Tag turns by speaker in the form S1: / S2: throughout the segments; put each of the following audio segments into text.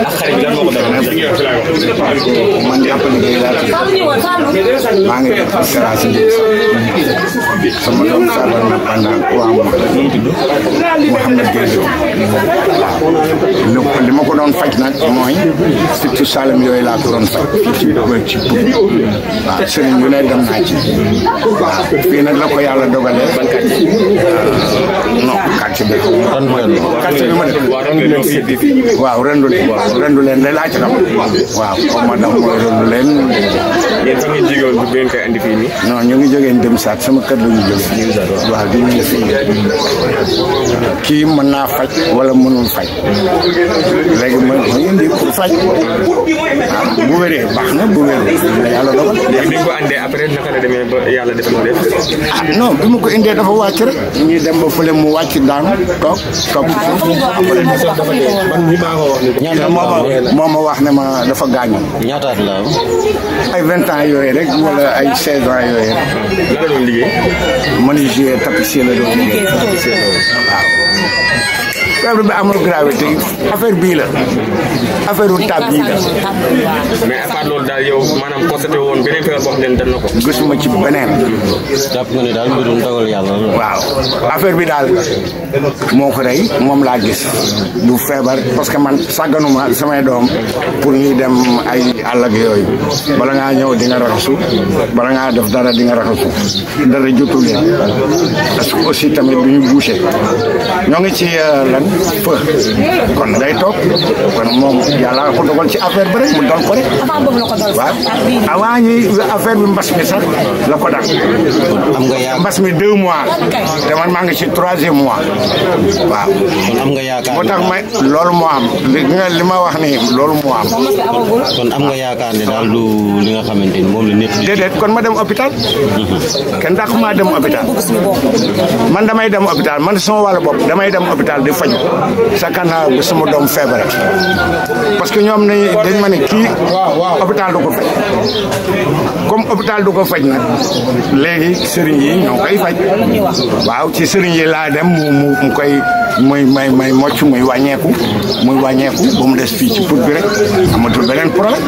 S1: ak xarit bi lan moo ko defal. man jàpp liggéey maa ngi def assurance sama doom sàrwal na pendant trois mois. nu mu tudd Mouhamed Gueye li ma ko doon faj nag mooy surtout Saalum yooyu laa ko doon faj. ci ci waaw sëriñ yu ne dem naa ci. waaw fii nag la ko yàlla dogalee. waaw rendu leen rendu leen de laaj tam waaw xaw ma ndax mooy rendu leen. yéen sax ñu jógee woon bu ngeen koy andi fii nii. non ngi jógee dem saat sama kër la ñu jógee. waaw ñu ngi kii mën naa faj wala mënul faj léegi ma ma indi pour faj ah, bu wéree baax na bu wéree la yàlla dogal. léegi ko yàlla def mu def. ah non bi ma ko indee dafa wàcc rek. ñu dem ba fële mu wàcc daanu toog toog foofu a dafa dafa dee. wax moo ma wax ne ma dafa gaañu. ñaataat la ay vingt ans yooyu rek wala ay seize ans yooyu rek. la doon liggéey. man yu joué tapissier la doon liggéey tapissier la doon waaw. feebar bi amul gravity, affaire bii la affaire u tab yi la mais à part loolu daal yow maanaam constaté woon beneen feebar boo xam ne dal na ko gisuma ci beneen jàpp nga ne daal mbirum dogal yàlla la waaw affaire bi daal moo ko rey moom gis du feebar parce que man sàgganuma samay doom pour ñuy dem ay àll ak yooyu bala ngaa ñëw di nga raxasu bala ngaa def dara di nga raxasu dara jotu leen parce que aussi tamit du ñu bouché ci eh, lan kon ngay kon moom yàlla ko dogal ci affaire mu ko rek avant affaire bi mi sax la ko dal mi mois te man ci mois am li nga wax ni kon am kan, nga yaakaar du li nga la kon ma dem hôpital mhm. dem hôpital man damay dem hôpital man sa canal bu sama dom feebare parce que ñom nañ dañ mané ki hôpital du ko faj comme hôpital du ko faj nak légui serigne yi ñoo koy faj waaw ci serigne yi la dem mu mu koy muy may may mocc muy wàññeeku muy wàññeeku bu mu dess fi ci put bi rek amatu benen problème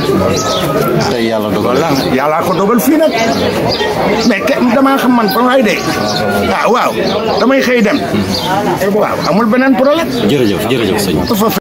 S1: tey yàlla dogal la yalla ko dogal fi nak mais ke dama xam man fa lay dé ah, waaw damay xey dem waaw amul benen problème Где родился? Где родился?